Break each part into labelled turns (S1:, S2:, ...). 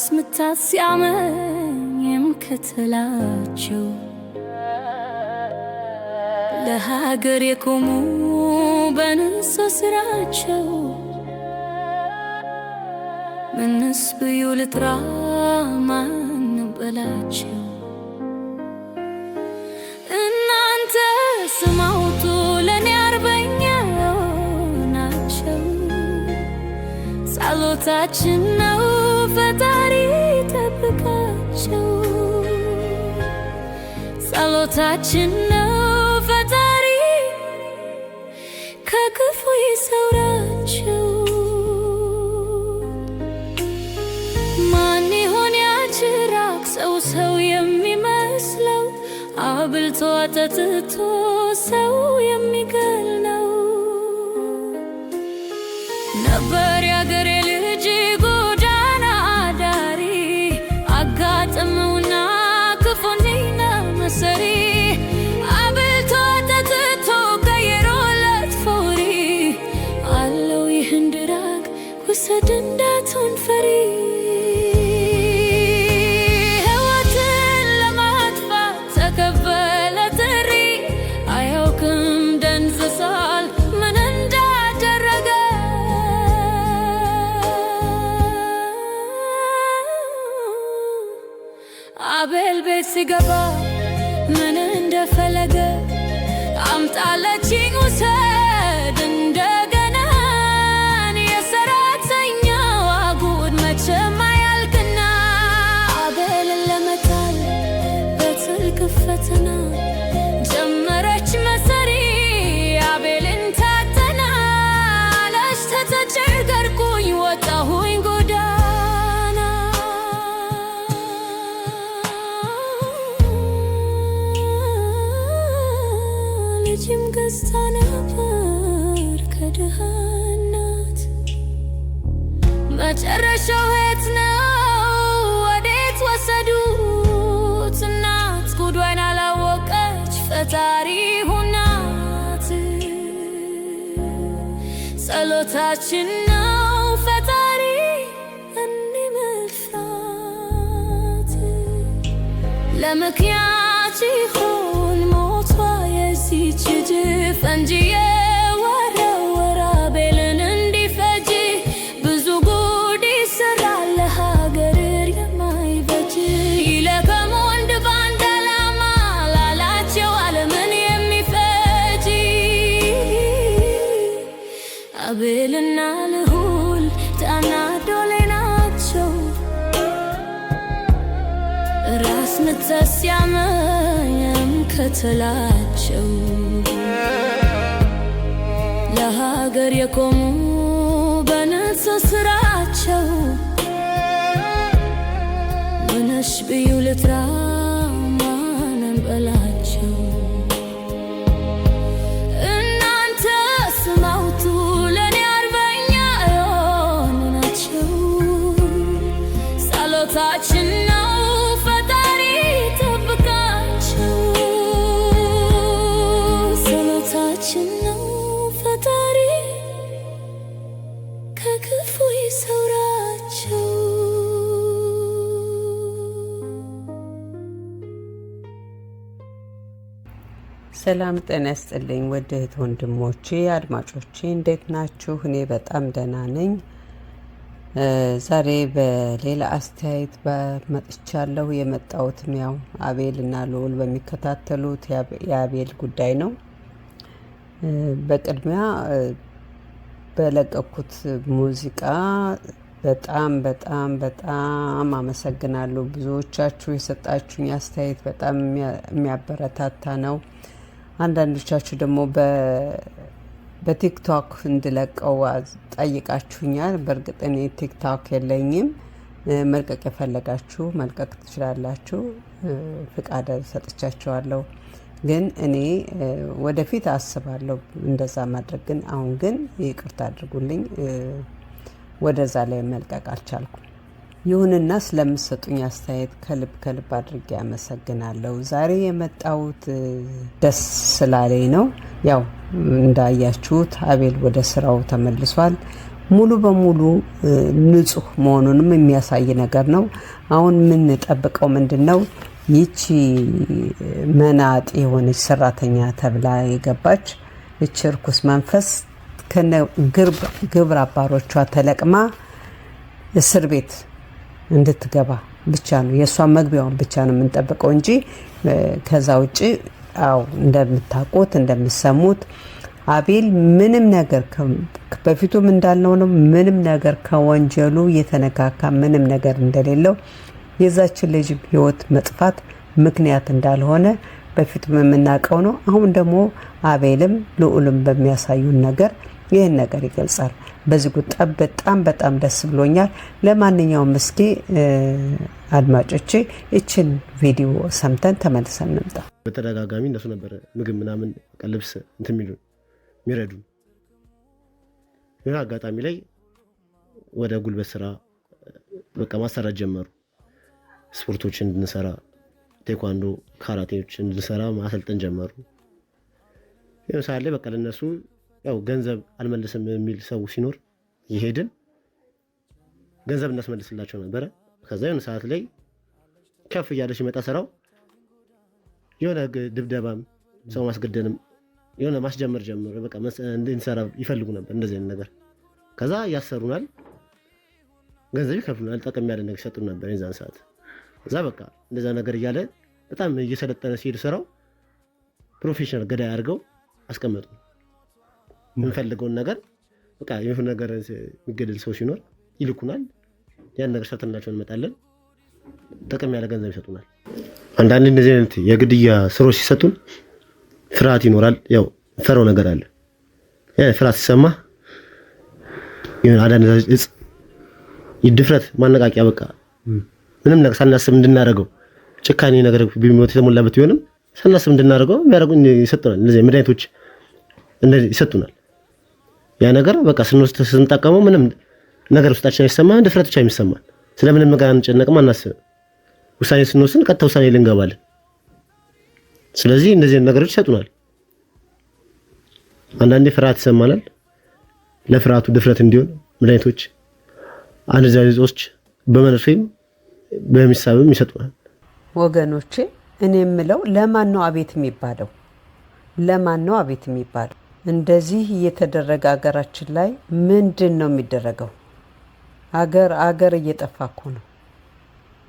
S1: አስምታት ሲያመኝም ከተላቸው ለሀገር የቆሙ በንሶ ስራቸው ምንስ ብዩ ልጥራ ማን በላቸው እናንተ ስማውቱ ለእኔ አርበኛው ናቸው ጸሎታችንና ብርታታችን ነው ፈጣሪ ከክፉ ይሰውራቸው። ማን ይሆን ያችራቅ ሰው ሰው የሚመስለው አብልቶ አጠጥቶ ደስታ ነበር ከድሃ እናት መጨረሻው የት ነው? ወዴት ወሰዱት? እናት ጉዷን አላወቀች ፈጣሪ ሁናት። ጸሎታችን ነው ፈጣሪ እንመልፋት ለምክንያት እንጂ የወረወራ ቤልን እንዲፈጅ ብዙ ጉድ ይሰራል ለሀገር የማይበጅ ይለከም ወንድ ባንድ አላማ ላላቸው ዓለምን የሚፈጅ አቤልና ልዑል ጣና ዶሌ ናቸው ራስ ምታት ሲያመኝ ከተላቸው ለሀገር የቆሙ በነሱ ስራቸው ምነሽ ብዩ ልትራ ማነን በላ
S2: ሰላም ጤና ይስጥልኝ ውድ እህት ወንድሞቼ አድማጮቼ እንዴት ናችሁ? እኔ በጣም ደህና ነኝ። ዛሬ በሌላ አስተያየት መጥቻለሁ። የመጣሁትም ያው አቤል እና ልዑል በሚከታተሉት የአቤል ጉዳይ ነው። በቅድሚያ በለቀኩት ሙዚቃ በጣም በጣም በጣም አመሰግናለሁ። ብዙዎቻችሁ የሰጣችሁኝ አስተያየት በጣም የሚያበረታታ ነው። አንዳንዶቻችሁ ደግሞ በቲክቶክ እንድለቀው ጠይቃችሁኛል። በእርግጥ እኔ ቲክቶክ የለኝም። መልቀቅ የፈለጋችሁ መልቀቅ ትችላላችሁ። ፍቃድ ሰጥቻችኋለሁ። ግን እኔ ወደፊት አስባለሁ እንደዛ ማድረግ ግን አሁን ግን ይቅርታ አድርጉልኝ፣ ወደዛ ላይ መልቀቅ አልቻልኩም። ይሁንና ስለምሰጡኝ አስተያየት ከልብ ከልብ አድርጌ አመሰግናለሁ። ዛሬ የመጣሁት ደስ ስላለኝ ነው። ያው እንዳያችሁት አቤል ወደ ስራው ተመልሷል። ሙሉ በሙሉ ንጹህ መሆኑንም የሚያሳይ ነገር ነው። አሁን የምንጠብቀው ምንድን ነው? ይቺ መናጤ የሆነች ሰራተኛ ተብላ የገባች እች እርኩስ መንፈስ ከነ አባሮቿ ተለቅማ እስር ቤት እንድትገባ ብቻ ነው የእሷን መግቢያውን ብቻ ነው የምንጠብቀው እንጂ ከዛ ውጭ አው እንደምታውቁት እንደምሰሙት አቤል ምንም ነገር በፊቱም እንዳልነው ነው። ምንም ነገር ከወንጀሉ የተነካካ ምንም ነገር እንደሌለው የዛችን ልጅ ህይወት መጥፋት ምክንያት እንዳልሆነ በፊቱም የምናውቀው ነው። አሁን ደግሞ አቤልም ልዑልም በሚያሳዩን ነገር ይህን ነገር ይገልጻል። በዚህ ቁጣ በጣም በጣም ደስ ብሎኛል። ለማንኛውም እስኪ አድማጮቼ ይችን ቪዲዮ ሰምተን ተመልሰን እንምጣ።
S3: በተደጋጋሚ እነሱ ነበረ ምግብ ምናምን ልብስ እንትን የሚሉ የሚረዱ ይህ አጋጣሚ ላይ ወደ ጉልበት ስራ በቃ ማሰራት ጀመሩ ስፖርቶችን እንድንሰራ ቴኳንዶ ካራቴዎች እንድንሰራ ማሰልጠን ጀመሩ። ይህም ሳለ በቃ ለእነሱ ያው ገንዘብ አልመልስም የሚል ሰው ሲኖር ይሄድን ገንዘብ እናስመልስላቸው ነበረ። ከዛ የሆነ ሰዓት ላይ ከፍ እያለ ሲመጣ ስራው የሆነ ድብደባም ሰው ማስገደንም የሆነ ማስጀመር ጀምሩ በቃ እንድንሰራ ይፈልጉ ነበር። እንደዚህ አይነት ነገር ከዛ ያሰሩናል፣ ገንዘብ ይከፍሉናል፣ ጠቀም ያለ ነገር ይሰጡን ነበር የዛን ሰዓት እዛ በቃ እንደዛ ነገር እያለ በጣም እየሰለጠነ ሲሄድ ስራው ፕሮፌሽናል ገዳይ አድርገው አስቀመጡ። የምንፈልገውን ነገር በቃ ነገር የሚገደል ሰው ሲኖር ይልኩናል። ያን ነገር ሰርተናቸው እንመጣለን። ጥቅም ያለ ገንዘብ ይሰጡናል። አንዳንድ እንደዚህ አይነት የግድያ ስሮች ሲሰጡን ፍርሃት ይኖራል። ያው ፈረው ነገር አለ። ፍርሃት ሲሰማ አንዳንድ እጽ ይድፍረት ማነቃቂያ በቃ ምንም ሳናስብ እንድናደርገው ጭካኔ ነገር ቢሞት የተሞላበት ቢሆንም ሳናስብ እንድናደርገው የሚያደርጉ ይሰጡናል። እነዚህ መድኃኒቶች ይሰጡናል። ያ ነገር በቃ ስንወስድ ስንጠቀመው ምንም ነገር ውስጣችን አይሰማን፣ ድፍረቶች ብቻ ስለምንም ነገር አንጨነቅም፣ አናስብም። ውሳኔ ስንወስን ቀጥታ ውሳኔ ልንገባለን። ስለዚህ እንደዚህ ነገሮች ይሰጡናል። አንዳንዴ ፍርሃት ይሰማናል። ለፍርሃቱ ድፍረት እንዲሆን መድኃኒቶች፣ አነዛዦች በመርፌም በሚሳብም ይሰጡናል።
S4: ወገኖቼ እኔ የምለው ለማን ነው አቤት የሚባለው? ለማን ነው አቤት የሚባለው? እንደዚህ እየተደረገ ሀገራችን ላይ ምንድን ነው የሚደረገው? አገር አገር እየጠፋ እኮ ነው።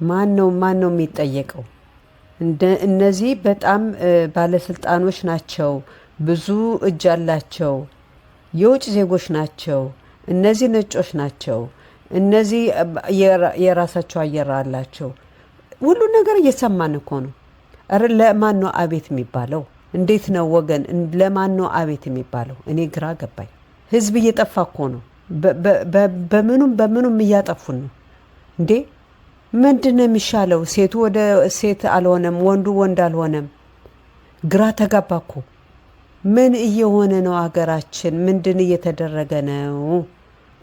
S4: ማን ነው ማን ነው የሚጠየቀው? እነዚህ በጣም ባለስልጣኖች ናቸው፣ ብዙ እጅ አላቸው፣ የውጭ ዜጎች ናቸው፣ እነዚህ ነጮች ናቸው እነዚህ የራሳቸው አየር አላቸው። ሁሉን ነገር እየሰማን እኮ ነው። ኧረ ለማን ነው አቤት የሚባለው? እንዴት ነው ወገን? ለማን ነው አቤት የሚባለው? እኔ ግራ ገባኝ። ህዝብ እየጠፋ እኮ ነው። በምኑም በምኑም እያጠፉን ነው እንዴ። ምንድን ነው የሚሻለው? ሴቱ ወደ ሴት አልሆነም፣ ወንዱ ወንድ አልሆነም። ግራ ተጋባ እኮ። ምን እየሆነ ነው? አገራችን ምንድን እየተደረገ ነው?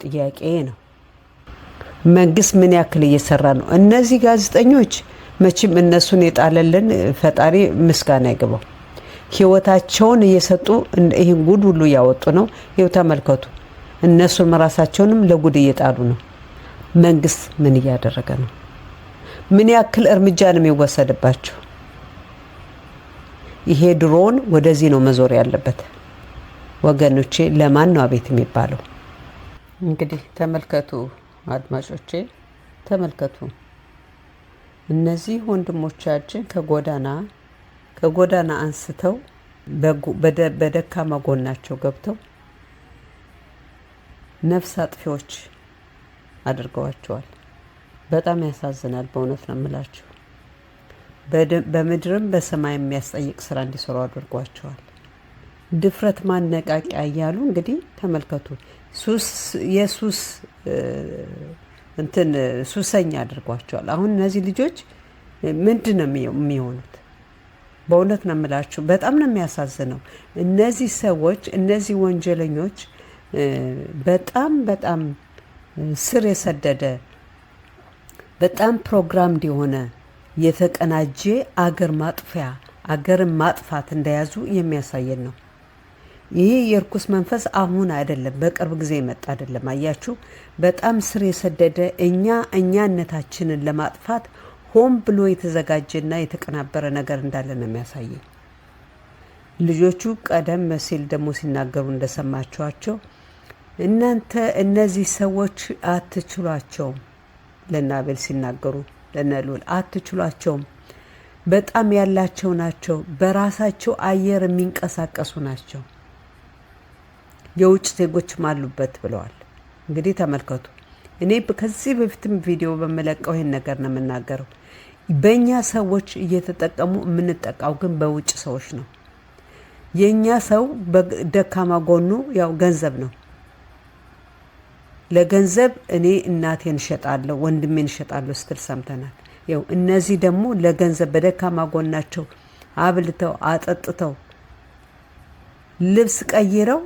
S4: ጥያቄ ነው። መንግስት ምን ያክል እየሰራ ነው? እነዚህ ጋዜጠኞች መቼም እነሱን የጣለልን ፈጣሪ ምስጋና አይገባው። ህይወታቸውን እየሰጡ ይህን ጉድ ሁሉ እያወጡ ነው። ይኸው ተመልከቱ። እነሱን ራሳቸውንም ለጉድ እየጣሉ ነው። መንግስት ምን እያደረገ ነው? ምን ያክል እርምጃ ነው የሚወሰድባቸው? ይሄ ድሮን ወደዚህ ነው መዞር ያለበት ወገኖቼ። ለማን ነው አቤት የሚባለው? እንግዲህ ተመልከቱ። አድማጮቼ ተመልከቱ። እነዚህ ወንድሞቻችን ከጎዳና ከጎዳና አንስተው በደካማ ጎናቸው ገብተው ነፍስ አጥፊዎች አድርገዋቸዋል። በጣም ያሳዝናል። በእውነት ነው የምላቸው። በምድርም በሰማይ የሚያስጠይቅ ስራ እንዲሰሩ አድርጓቸዋል። ድፍረት ማነቃቂያ እያሉ እንግዲህ ተመልከቱ። ሱስ የሱስ እንትን ሱሰኛ አድርጓቸዋል። አሁን እነዚህ ልጆች ምንድን ነው የሚሆኑት? በእውነት ነው የምላችሁ፣ በጣም ነው የሚያሳዝነው። እነዚህ ሰዎች እነዚህ ወንጀለኞች በጣም በጣም ስር የሰደደ በጣም ፕሮግራምድ የሆነ የተቀናጀ አገር ማጥፊያ አገርን ማጥፋት እንደያዙ የሚያሳየን ነው። ይህ የእርኩስ መንፈስ አሁን አይደለም፣ በቅርብ ጊዜ መጣ አይደለም። አያችሁ፣ በጣም ስር የሰደደ እኛ እኛነታችንን ለማጥፋት ሆን ብሎ የተዘጋጀና የተቀናበረ ነገር እንዳለ ነው የሚያሳየኝ። ልጆቹ ቀደም ሲል ደግሞ ሲናገሩ እንደሰማችኋቸው እናንተ እነዚህ ሰዎች አትችሏቸውም፣ ለናቤል ሲናገሩ ለነሉል አትችሏቸውም፣ በጣም ያላቸው ናቸው፣ በራሳቸው አየር የሚንቀሳቀሱ ናቸው የውጭ ዜጎችም አሉበት ብለዋል። እንግዲህ ተመልከቱ። እኔ ከዚህ በፊትም ቪዲዮ በምለቀው ይህን ነገር ነው የምናገረው። በእኛ ሰዎች እየተጠቀሙ የምንጠቃው ግን በውጭ ሰዎች ነው። የእኛ ሰው በደካማ ጎኑ ያው ገንዘብ ነው። ለገንዘብ እኔ እናቴን እሸጣለሁ፣ ወንድሜን እሸጣለሁ ስትል ሰምተናል። ያው እነዚህ ደግሞ ለገንዘብ በደካማ ጎናቸው አብልተው አጠጥተው ልብስ ቀይረው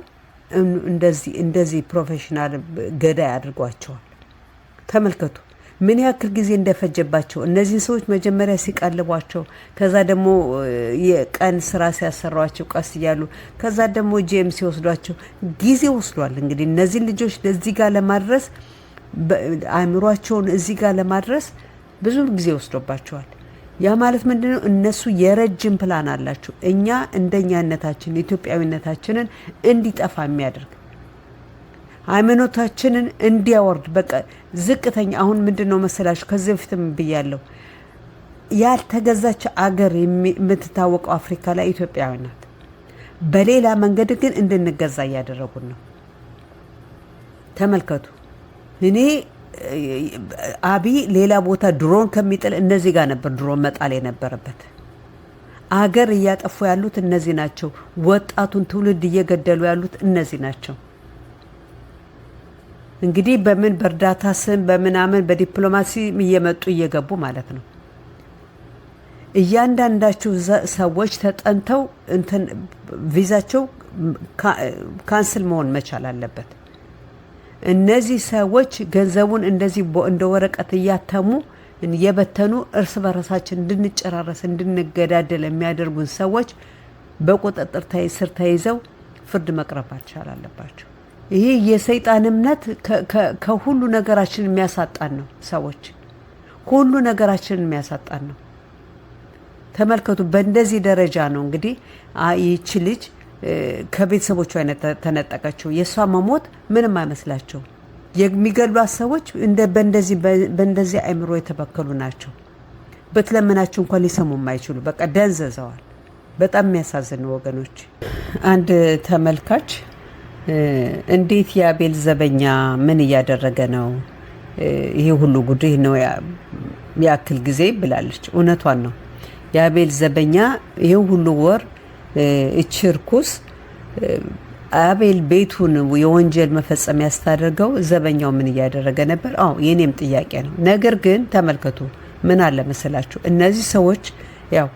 S4: እንደዚህ እንደዚህ ፕሮፌሽናል ገዳይ አድርጓቸዋል። ተመልከቱ ምን ያክል ጊዜ እንደፈጀባቸው እነዚህን ሰዎች መጀመሪያ ሲቀልቧቸው፣ ከዛ ደግሞ የቀን ስራ ሲያሰሯቸው ቀስ እያሉ ከዛ ደግሞ ጄም ሲወስዷቸው ጊዜ ወስዷል። እንግዲህ እነዚህን ልጆች እዚህ ጋር ለማድረስ አእምሯቸውን እዚህ ጋር ለማድረስ ብዙ ጊዜ ወስዶባቸዋል። ያ ማለት ምንድነው? እነሱ የረጅም ፕላን አላቸው። እኛ እንደኛነታችን ኢትዮጵያዊነታችንን እንዲጠፋ የሚያደርግ ሃይማኖታችንን እንዲያወርድ በቃ ዝቅተኛ አሁን ምንድን ነው መሰላችሁ፣ ከዚህ በፊትም ብያለሁ፣ ያልተገዛች አገር የምትታወቀው አፍሪካ ላይ ኢትዮጵያዊ ናት። በሌላ መንገድ ግን እንድንገዛ እያደረጉን ነው። ተመልከቱ እኔ አቢ ሌላ ቦታ ድሮን ከሚጥል እነዚህ ጋር ነበር ድሮን መጣል የነበረበት። አገር እያጠፉ ያሉት እነዚህ ናቸው። ወጣቱን ትውልድ እየገደሉ ያሉት እነዚህ ናቸው። እንግዲህ በምን በእርዳታ ስም በምናምን በዲፕሎማሲ እየመጡ እየገቡ ማለት ነው። እያንዳንዳቸው ሰዎች ተጠንተው እንትን ቪዛቸው ካንስል መሆን መቻል አለበት። እነዚህ ሰዎች ገንዘቡን እንደዚህ እንደ ወረቀት እያተሙ የበተኑ እርስ በርሳችን እንድንጨራረስ እንድንገዳደል የሚያደርጉን ሰዎች በቁጥጥር ስር ተይዘው ፍርድ መቅረብ አልቻል አለባቸው። ይሄ የሰይጣን እምነት ከሁሉ ነገራችን የሚያሳጣን ነው። ሰዎች ሁሉ ነገራችንን የሚያሳጣን ነው። ተመልከቱ። በእንደዚህ ደረጃ ነው እንግዲህ ይቺ ልጅ ከቤተሰቦቿ አይነት ተነጠቀችው። የእሷ መሞት ምንም አይመስላቸው። የሚገሏት ሰዎች በእንደዚህ አይምሮ የተበከሉ ናቸው። በትለምናቸው እንኳን ሊሰሙ የማይችሉ በቃ ደንዘዘዋል። በጣም የሚያሳዝን ወገኖች። አንድ ተመልካች እንዴት የአቤል ዘበኛ ምን እያደረገ ነው? ይሄ ሁሉ ጉድህ ነው ያክል ጊዜ ብላለች። እውነቷን ነው። የአቤል ዘበኛ ይሄ ሁሉ ወር እች አቤል ቤቱን የወንጀል መፈጸሚያ ያስታደርገው ዘበኛው ምን እያደረገ ነበር? አዎ የኔም ጥያቄ ነው። ነገር ግን ተመልከቱ ምን አለ መሰላችሁ፣ እነዚህ ሰዎች ያው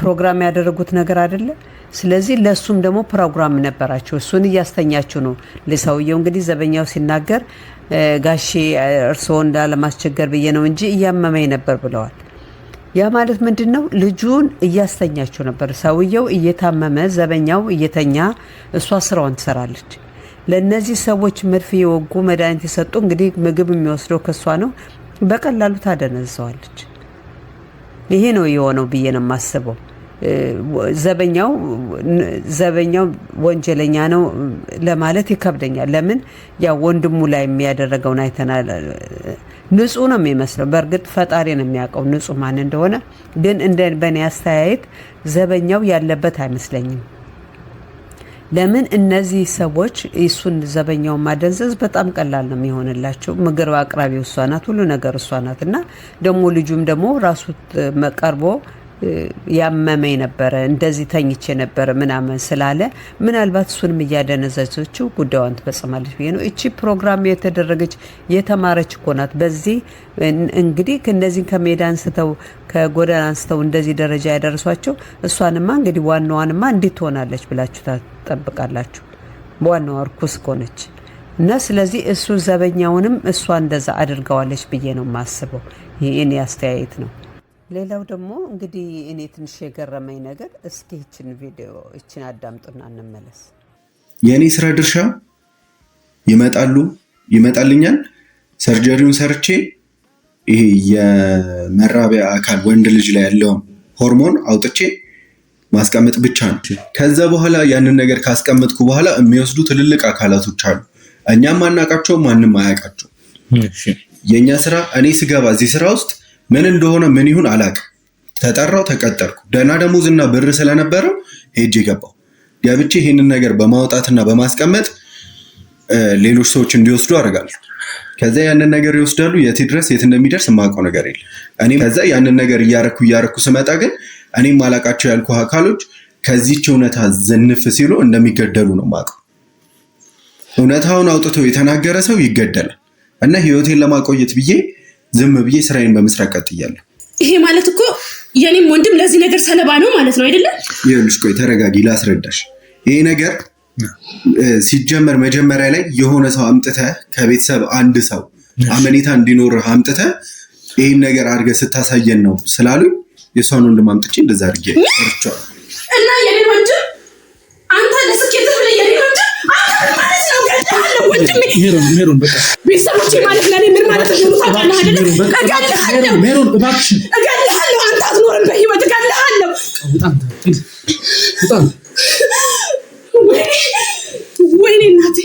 S4: ፕሮግራም ያደረጉት ነገር አይደለም ስለዚህ ለእሱም ደግሞ ፕሮግራም ነበራቸው። እሱን እያስተኛችው ነው። ለሰውየው እንግዲህ ዘበኛው ሲናገር ጋሼ እርስዎ እንዳለማስቸገር ብዬ ነው እንጂ እያመመኝ ነበር ብለዋል። ያ ማለት ምንድን ነው? ልጁን እያስተኛቸው ነበር። ሰውየው እየታመመ ዘበኛው እየተኛ እሷ ስራዋን ትሰራለች። ለእነዚህ ሰዎች መርፌ የወጉ መድኃኒት የሰጡ እንግዲህ ምግብ የሚወስደው ከእሷ ነው። በቀላሉ ታደነዘዋለች። ይሄ ነው የሆነው ብዬ ነው የማስበው። ዘበኛው ዘበኛው ወንጀለኛ ነው ለማለት ይከብደኛል። ለምን ያ ወንድሙ ላይ የሚያደረገውን አይተናል። ንጹህ ነው የሚመስለው። በእርግጥ ፈጣሪ ነው የሚያውቀው ንጹህ ማን እንደሆነ። ግን እንደ በእኔ አስተያየት ዘበኛው ያለበት አይመስለኝም። ለምን እነዚህ ሰዎች እሱን ዘበኛውን ማደንዘዝ በጣም ቀላል ነው የሚሆንላቸው። ምግብ አቅራቢ እሷ ናት፣ ሁሉ ነገር እሷ ናት። እና ደግሞ ልጁም ደግሞ ራሱ መቀርቦ ያመመኝ ነበረ እንደዚህ ተኝቼ ነበረ ምናምን ስላለ ምናልባት እሱንም እያደነዘዘችው ጉዳዩን ትፈጽማለች ብዬ ነው። እቺ ፕሮግራም የተደረገች የተማረች እኮ ናት። በዚህ እንግዲህ እነዚህን ከሜዳ አንስተው ከጎዳና አንስተው እንደዚህ ደረጃ ያደረሷቸው እሷንማ እንግዲህ ዋናዋንማ እንዲት ትሆናለች ብላችሁ ታጠብቃላችሁ? ዋናዋ እርኩስ ከሆነች እና ስለዚህ እሱ ዘበኛውንም እሷ እንደዛ አድርገዋለች ብዬ ነው የማስበው። ይህን አስተያየት ነው። ሌላው ደግሞ እንግዲህ እኔ ትንሽ የገረመኝ ነገር እስኪ ይችን ቪዲዮ ይችን አዳምጡና እንመለስ።
S5: የእኔ ስራ ድርሻ ይመጣሉ ይመጣልኛል ሰርጀሪውን ሰርቼ ይሄ የመራቢያ አካል ወንድ ልጅ ላይ ያለውን ሆርሞን አውጥቼ ማስቀመጥ ብቻ ነው። ከዛ በኋላ ያንን ነገር ካስቀመጥኩ በኋላ የሚወስዱ ትልልቅ አካላቶች አሉ። እኛም ማናቃቸው ማንም አያውቃቸው። የእኛ ስራ እኔ ስገባ እዚህ ስራ ውስጥ ምን እንደሆነ ምን ይሁን አላቅም። ተጠራው ተቀጠርኩ። ደህና ደሞዝና ብር ስለነበረው ሄጅ የገባው ገብቼ ይህንን ነገር በማውጣትና በማስቀመጥ ሌሎች ሰዎች እንዲወስዱ አደርጋለሁ። ከዛ ያንን ነገር ይወስዳሉ። የት ድረስ የት እንደሚደርስ የማውቀው ነገር የለም። እኔም ከዛ ያንን ነገር እያረኩ እያረኩ ስመጣ ግን እኔም ማላቃቸው ያልኩ አካሎች ከዚች እውነታ ዝንፍ ሲሉ እንደሚገደሉ ነው የማውቀው። እውነታውን አውጥቶ የተናገረ ሰው ይገደላል እና ህይወቴን ለማቆየት ብዬ ዝም ብዬ ስራዬን በመስራት ቀጥያለሁ።
S6: ይሄ ማለት እኮ የኔም ወንድም ለዚህ ነገር ሰለባ ነው ማለት ነው አይደለም?
S5: ይኸውልሽ፣ ቆይ ተረጋጊ፣ ላስረዳሽ። ይሄ ነገር ሲጀመር መጀመሪያ ላይ የሆነ ሰው አምጥተ ከቤተሰብ አንድ ሰው አመኔታ እንዲኖርህ አምጥተ ይህን ነገር አድርገ ስታሳየን ነው ስላሉ የእሷን ወንድም አምጥቼ እንደዛ አድርጌ
S6: እና ነው ወንድሜ ሜሮን ሜሮን በቃ ቤተሰቦቼ ማለት ለኔ ምን ማለት እንደሆነ ታውቃለህ አይደለ? እገልሃለሁ
S5: ሜሮን እባክሽን
S6: እገልሃለሁ። አንተ አትኖርም በህይወት እገልሃለሁ። በጣም በጣም ወይኔ እናቴ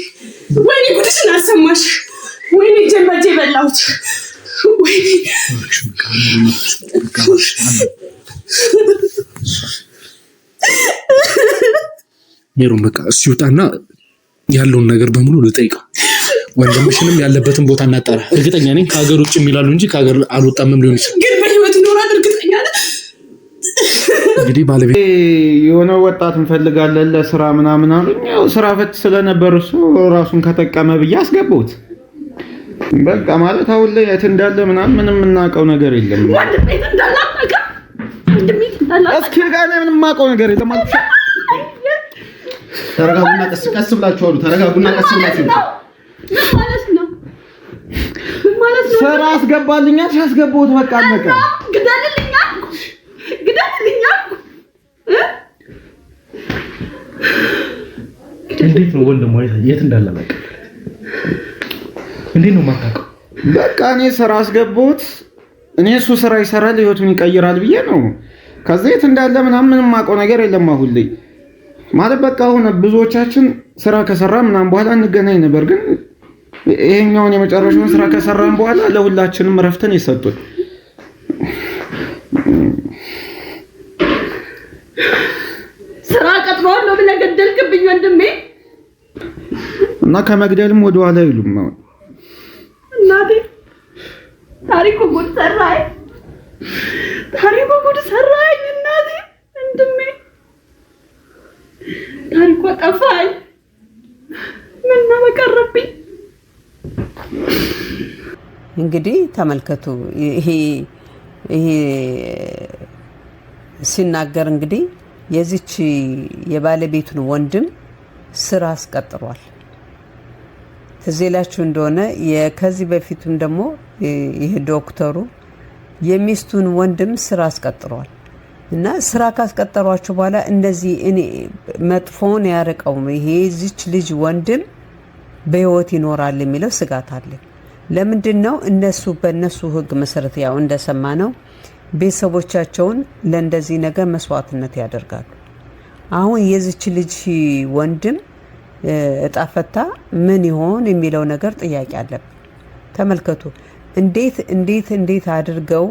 S6: ወይኔ ጉድሽን አልሰማሽ ወይኔ እጄን በእጄ በላሁት ወይኔ
S5: ሜሮን በቃ እስኪ ውጣና ያለውን ነገር በሙሉ ልጠይቀው። ወንድምሽንም ያለበትን ቦታ እናጠራ። እርግጠኛ ነኝ ከሀገር ውጭ የሚላሉ እንጂ ከሀገር አልወጣምም ሊሆን ይችላል።
S6: ግን በህይወት ይኖራል። እርግጠኛ ነህ?
S7: እንግዲህ ባለቤት የሆነ ወጣት እንፈልጋለን ለስራ ምናምን አሉኝ። ያው ስራ ፈት ስለነበር እሱ ራሱን ከጠቀመ ብዬ አስገባሁት። በቃ ማለት አሁን ላይ የት እንዳለ ምናምን ምንም የምናውቀው ነገር የለም። እስኪ ጋር ምንም የማውቀው ነገር የለም። ተረጋጉና ቀስ ቀስ ብላችሁ አሉ። ተረጋጉና ቀስ ብላችሁ ማለት ነው ማለት ነው። ስራ አስገባልኛል፣ አስገባሁት። በቃ አለቀ።
S6: ግደልልኛ፣ ግደልልኛ።
S5: እንዴት ነው ወንድ ወይ የት እንዳለ በቃ እንዴት ነው የማታውቀው?
S7: በቃ እኔ ስራ አስገባሁት። እኔ እሱ ስራ ይሰራል፣ ህይወቱን ይቀይራል ብዬ ነው። ከዚህ የት እንዳለ ምናምን ምንም የማውቀው ነገር የለም አሁን ላይ ማለት በቃ አሁን ብዙዎቻችን ስራ ከሰራ ምናምን በኋላ እንገናኝ ነበር፣ ግን ይሄኛውን የመጨረሻውን ስራ ከሰራን በኋላ ለሁላችንም እረፍትን የሰጡን
S6: ስራ ነው ብለህ ገደልክብኝ ወንድሜ።
S5: እና ከመግደልም ወደ ወደኋላ አይሉም። አሁን
S6: እናቴ ታሪኩ ጉድ ሰራኝ፣ ታሪኩ ጉድ ሰራኝ እናቴ ወንድሜ ታሪኳ ጠፋኝ። ምነው በቀረብኝ።
S4: እንግዲህ ተመልከቱ። ይሄ ሲናገር እንግዲህ የዚች የባለቤቱን ወንድም ስራ አስቀጥሯል። ትዝ ይላችሁ እንደሆነ ከዚህ በፊትም ደግሞ ይህ ዶክተሩ የሚስቱን ወንድም ስራ አስቀጥሯል። እና ስራ ካስቀጠሯችሁ በኋላ እንደዚህ እኔ መጥፎውን ያርቀው ይሄ ዚች ልጅ ወንድም በህይወት ይኖራል የሚለው ስጋት አለ። ለምንድን ነው እነሱ በእነሱ ህግ መሰረት ያው እንደሰማ ነው ቤተሰቦቻቸውን ለእንደዚህ ነገር መስዋዕትነት ያደርጋሉ። አሁን የዚች ልጅ ወንድም እጣፈታ ምን ይሆን የሚለው ነገር ጥያቄ አለብን። ተመልከቱ እንዴት እንዴት እንዴት አድርገው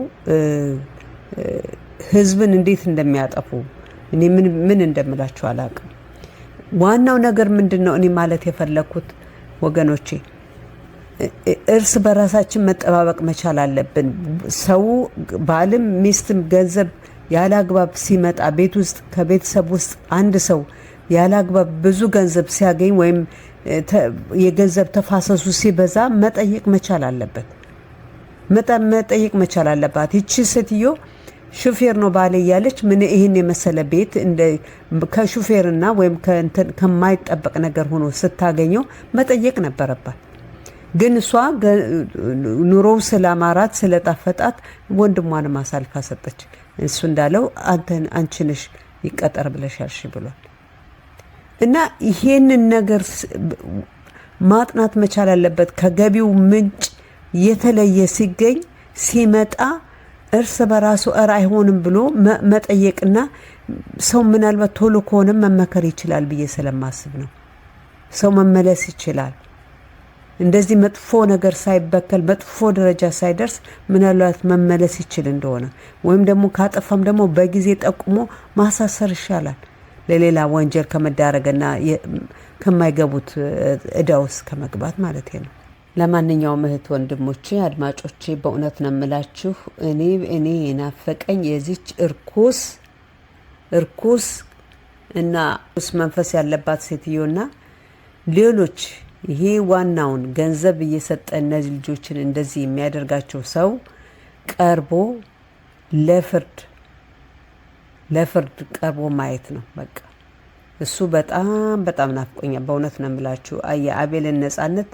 S4: ህዝብን እንዴት እንደሚያጠፉ እኔ ምን እንደምላችሁ አላውቅም። ዋናው ነገር ምንድን ነው? እኔ ማለት የፈለግኩት ወገኖቼ እርስ በራሳችን መጠባበቅ መቻል አለብን። ሰው ባልም፣ ሚስትም ገንዘብ ያለ አግባብ ሲመጣ ቤት ውስጥ ከቤተሰብ ውስጥ አንድ ሰው ያለ አግባብ ብዙ ገንዘብ ሲያገኝ ወይም የገንዘብ ተፋሰሱ ሲበዛ መጠየቅ መቻል አለበት መጠየቅ መቻል አለባት ይቺ ሴትዮ ሹፌር ነው ባለ እያለች ምን ይህን የመሰለ ቤት ከሹፌርና ወይም ከማይጠበቅ ነገር ሆኖ ስታገኘው መጠየቅ ነበረባት። ግን እሷ ኑሮው ስለአማራት ስለጣፈጣት ወንድሟን ማሳልፋ ሰጠች። እሱ እንዳለው አንተን አንችንሽ ይቀጠር ብለሻል ብሏል። እና ይሄንን ነገር ማጥናት መቻል አለበት። ከገቢው ምንጭ የተለየ ሲገኝ ሲመጣ እርስ በራሱ እር አይሆንም ብሎ መጠየቅና ሰው ምናልባት ቶሎ ከሆነም መመከር ይችላል ብዬ ስለማስብ ነው። ሰው መመለስ ይችላል። እንደዚህ መጥፎ ነገር ሳይበከል መጥፎ ደረጃ ሳይደርስ ምናልባት መመለስ ይችል እንደሆነ ወይም ደግሞ ካጠፋም ደግሞ በጊዜ ጠቁሞ ማሳሰር ይሻላል ለሌላ ወንጀል ከመዳረግና ከማይገቡት እዳውስ ውስጥ ከመግባት ማለት ነው። ለማንኛውም እህት ወንድሞቼ፣ አድማጮቼ በእውነት ነው የምላችሁ እኔ እኔ የናፈቀኝ የዚች እርኩስ እርኩስ እና ርኩስ መንፈስ ያለባት ሴትዮና ሌሎች ይሄ ዋናውን ገንዘብ እየሰጠ እነዚህ ልጆችን እንደዚህ የሚያደርጋቸው ሰው ቀርቦ ለፍርድ ለፍርድ ቀርቦ ማየት ነው በቃ። እሱ በጣም በጣም ናፍቆኛል። በእውነት ነው የምላችሁ የአቤልን ነጻነት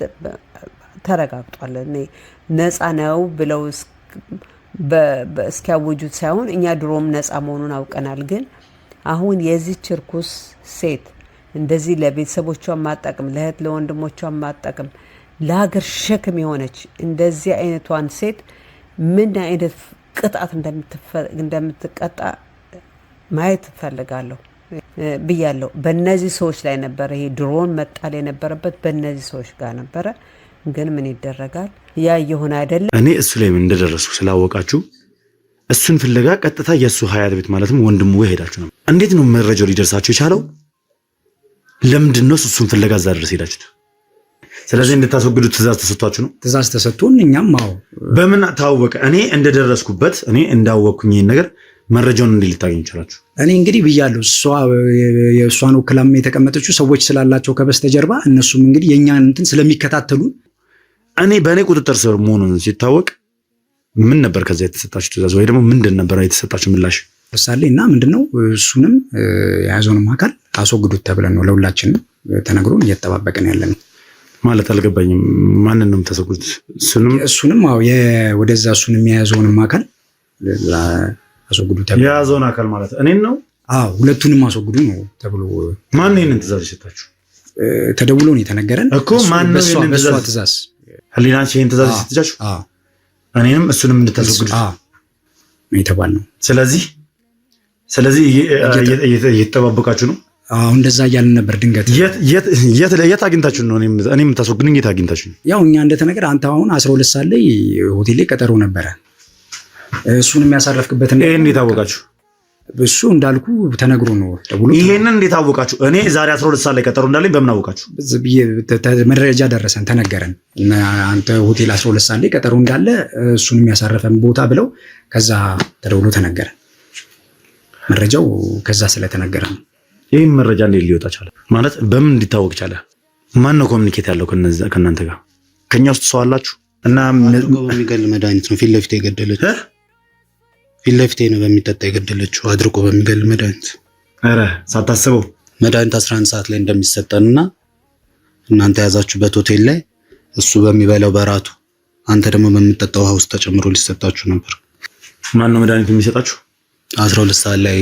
S4: ተረጋግጧል። እኔ ነፃ ነው ብለው እስኪያውጁት ሳይሆን እኛ ድሮም ነፃ መሆኑን አውቀናል። ግን አሁን የዚች እርኩስ ሴት እንደዚህ ለቤተሰቦቿ ማጠቅም ለእህት ለወንድሞቿ ማጠቅም ለሀገር ሸክም የሆነች እንደዚህ አይነቷን ሴት ምን አይነት ቅጣት እንደምትቀጣ ማየት እፈልጋለሁ ብያለሁ። በእነዚህ ሰዎች ላይ ነበረ ይሄ ድሮን መጣል የነበረበት በእነዚህ ሰዎች ጋር ነበረ። ግን ምን ይደረጋል፣ ያ የሆነ አይደለም።
S5: እኔ እሱ ላይ እንደደረሱ እንደደረስኩ ስላወቃችሁ እሱን ፍለጋ ቀጥታ የእሱ ሀያት ቤት ማለትም ወንድሙ ሄዳችሁ ነው። እንዴት ነው መረጃው ሊደርሳችሁ የቻለው? ለምንድን ነው እሱን ፍለጋ እዛ ድረስ ሄዳችሁት? ስለዚህ እንድታስወግዱ ትእዛዝ ተሰጥቷችሁ ነው?
S7: ትእዛዝ ተሰጥቶን እኛም አዎ።
S5: በምን ታወቀ? እኔ እንደደረስኩበት እኔ እንዳወቅኩኝ ይህን ነገር መረጃውን እንዴት ልታገኝ ይችላችሁ?
S7: እኔ እንግዲህ ብያለሁ። የእሷን ወክላም የተቀመጠችው ሰዎች ስላላቸው ከበስተጀርባ እነሱም እንግዲህ የእኛን እንትን ስለሚከታተሉ
S5: እኔ በእኔ ቁጥጥር ስር መሆኑን ሲታወቅ ምን ነበር ከዚያ የተሰጣችሁ ትእዛዝ ወይ ደግሞ ምንድን ነበር የተሰጣችሁ ምላሽ?
S7: ለምሳሌ እና ምንድን ነው እሱንም የያዘውንም አካል አስወግዱት ተብለን ነው ለሁላችንም ተነግሮን እየተጠባበቅን ያለ ነው
S5: ማለት አልገባኝም። ማንን ነው የምታስወግዱት?
S7: እሱንም እሱንም አዎ ወደዛ እሱን የያዘውንም አካል አስወግዱት ተብሎ
S5: የያዘውን አካል ማለት እኔን ነው?
S7: አዎ ሁለቱንም አስወግዱ ነው ተብሎ።
S5: ማን ይህንን ትእዛዝ የሰጣችሁ?
S7: ተደውሎ ነው የተነገረን እኮ ማን ነው ትእዛዝ
S5: ህሊናች ይህን ትእዛዝ ስትጃችሁ እኔንም እሱንም እንድታስወግዱ የተባል ነው። ስለዚህ ስለዚህ እየተጠባበቃችሁ ነው።
S7: አሁን እንደዛ እያልን ነበር። ድንገት
S5: የት አግኝታችሁ ነው እኔ የምታስወግዱኝ? የት አግኝታችሁ ነው?
S7: ያው እኛ እንደተነገር አንተ አሁን አስራ ሁለት ሰዓት ላይ ሆቴል ላይ ቀጠሮ ነበረ። እሱን የሚያሳረፍክበት
S5: ይህን የታወቃችሁ
S7: እሱ እንዳልኩ ተነግሮ ነው ተብሎ። ይሄንን እንዴት አወቃችሁ? እኔ ዛሬ 12 ሰዓት ላይ ቀጠሮ እንዳለኝ በምን አወቃችሁ? መረጃ ደረሰን፣ ተነገረን። አንተ ሆቴል 12 ሰዓት ላይ ቀጠሮ እንዳለ እሱን የሚያሳረፈን ቦታ ብለው ከዛ ተደውሎ ተነገረን። መረጃው ከዛ ስለተነገረ ነው።
S5: ይህም መረጃ እንዴት ሊወጣ ቻለ? ማለት በምን እንዲታወቅ ቻለ? ማን ነው ኮሚኒኬት ያለው ከእናንተ ጋር? ከኛ ውስጥ ሰው አላችሁ እና
S7: የሚገል መድኃኒት ነው ፊት ለፊት የገደለች ፊት ለፊቴ ነው በሚጠጣ የገደለችው አድርቆ በሚገል መድኃኒት።
S5: ኧረ ሳታስበው
S7: መድኃኒት 11 ሰዓት ላይ እንደሚሰጠን እና እናንተ የያዛችሁበት ሆቴል ላይ እሱ በሚበላው በራቱ አንተ ደግሞ በሚጠጣው ውሃ ውስጥ ተጨምሮ ሊሰጣችሁ ነበር።
S5: ማን ነው መድኃኒት የሚሰጣችሁ?
S7: አስራ ሁለት ሰዓት ላይ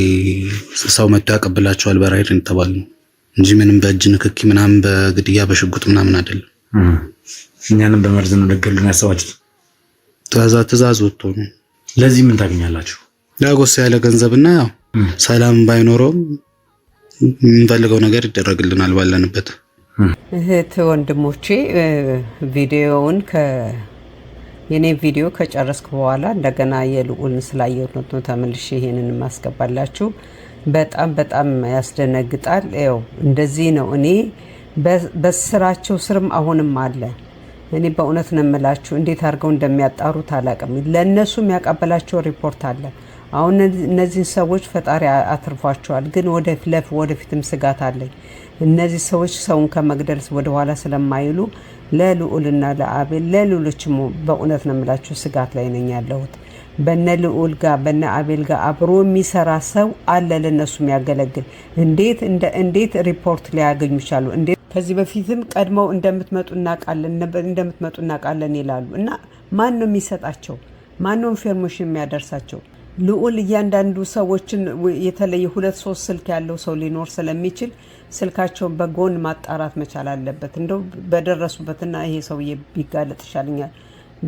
S7: ሰው መጥቶ ያቀብላችኋል። በራይድ እንተባል ነው እንጂ ምንም በእጅ ንክኪ ምናምን በግድያ በሽጉጥ ምናምን አይደለም።
S5: እኛንም በመርዝ ነው ደገሉን ያሰባችሁት።
S7: ትእዛዝ ወጥቶ ነው
S5: ለዚህ ምን ታገኛላችሁ?
S7: ዳጎስ ያለ ገንዘብና ያው ሰላም ባይኖረውም የምንፈልገው ነገር ይደረግልናል ባለንበት።
S4: እህት ወንድሞቼ ቪዲዮውን የኔ ቪዲዮ ከጨረስኩ በኋላ እንደገና የልዑልን ስላየሁት ነው ተመልሼ ይሄንን ማስገባላችሁ። በጣም በጣም ያስደነግጣል። ያው እንደዚህ ነው። እኔ በስራቸው ስርም አሁንም አለ እኔ በእውነት ነው የምላችሁ እንዴት አድርገው እንደሚያጣሩት አላቅም። ለእነሱ የሚያቀበላቸው ሪፖርት አለ። አሁን እነዚህን ሰዎች ፈጣሪ አትርፏቸዋል፣ ግን ወደፊት ወደፊትም ስጋት አለኝ። እነዚህ ሰዎች ሰውን ከመግደል ወደኋላ ስለማይሉ ለልዑልና ለአቤል ለሌሎችም በእውነት ነው የምላችሁ ስጋት ላይ ነኝ ያለሁት። በነ ልዑል ጋር በነ አቤል ጋር አብሮ የሚሰራ ሰው አለ፣ ለእነሱ የሚያገለግል እንዴት እንዴት ሪፖርት ሊያገኙ ይቻሉ? እንዴት ከዚህ በፊትም ቀድመው እንደምትመጡ እናውቃለን እንደምትመጡ እናውቃለን ይላሉ እና ማን ነው የሚሰጣቸው? ማን ነው ኢንፎርሜሽን የሚያደርሳቸው? ልዑል እያንዳንዱ ሰዎችን የተለየ ሁለት ሶስት ስልክ ያለው ሰው ሊኖር ስለሚችል ስልካቸውን በጎን ማጣራት መቻል አለበት። እንደው በደረሱበትና ይሄ ሰውዬ ቢጋለጥ ይሻለኛል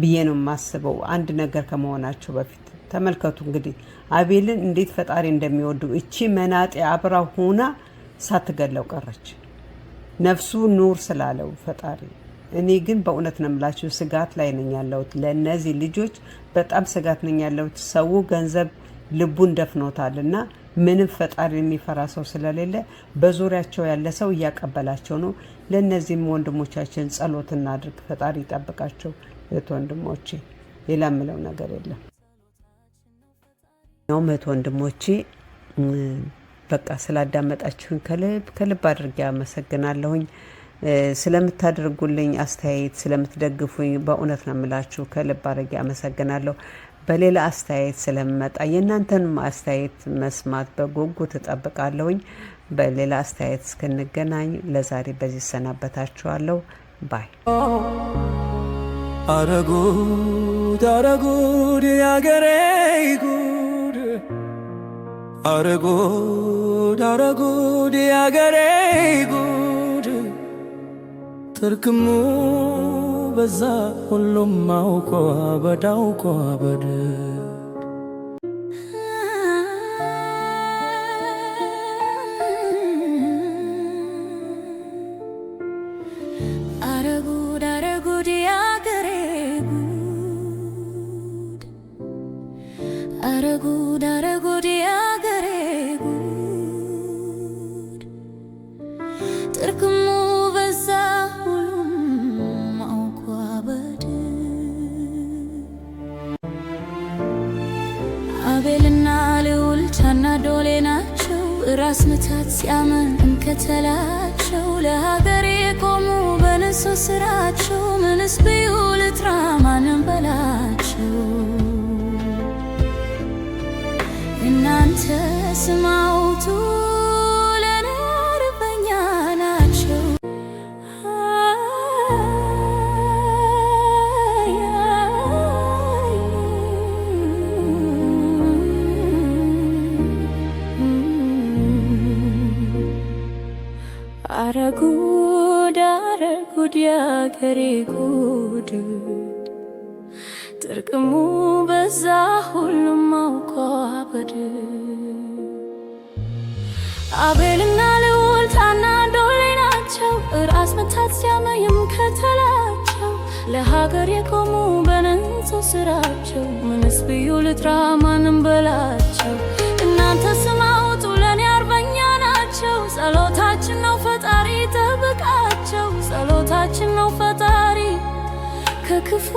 S4: ብዬ ነው የማስበው አንድ ነገር ከመሆናቸው በፊት ተመልከቱ እንግዲህ አቤልን እንዴት ፈጣሪ እንደሚወዱ እቺ መናጤ አብራ ሆና ሳትገለው ቀረች። ነፍሱ ኑር ስላለው ፈጣሪ። እኔ ግን በእውነት ነው የምላችሁ ስጋት ላይ ነኝ ያለሁት። ለእነዚህ ልጆች በጣም ስጋት ነኝ ያለሁት። ሰው ገንዘብ ልቡን ደፍኖታል እና ምንም ፈጣሪ የሚፈራ ሰው ስለሌለ በዙሪያቸው ያለ ሰው እያቀበላቸው ነው። ለእነዚህም ወንድሞቻችን ጸሎት እናድርግ። ፈጣሪ ይጠብቃቸው። እህት ወንድሞቼ፣ ሌላ ምለው ነገር የለም። እህት ወንድሞቼ በቃ ስላዳመጣችሁን ከልብ ከልብ አድርጌ አመሰግናለሁኝ። ስለምታደርጉልኝ አስተያየት ስለምትደግፉኝ በእውነት ነው የምላችሁ፣ ከልብ አድርጌ አመሰግናለሁ። በሌላ አስተያየት ስለምመጣ የእናንተንም አስተያየት መስማት በጉጉት እጠብቃለሁኝ። በሌላ አስተያየት እስክንገናኝ ለዛሬ በዚህ እሰናበታችኋለሁ። ባይ
S1: አረጉድ አረጉድ ያገሬ አረ ጉድ አረ ጉድ ያገሬ ጉድ ትርክሙ በዛ ሁሉም አውቆ አበድ አውቆ አበድ سلام ጉድ አረ ጉድ ያገሬ ጉድ ጥርቅሙ በዛ ሁሉም አውቆ በድ አቤልና ልዑልታና ዶሌ ናቸው ራስ ምታት ሲያመይም ከተላቸው ለሀገር የቆሙ በንጹ ስራቸው ምንስ ብዩ ልጥራ ማንም በላቸው እናንተ ስማውጡ ለእኔ አርበኛ ናቸው ጸሎታችን ነው አምላካችን ነው ፈጣሪ ከክፉ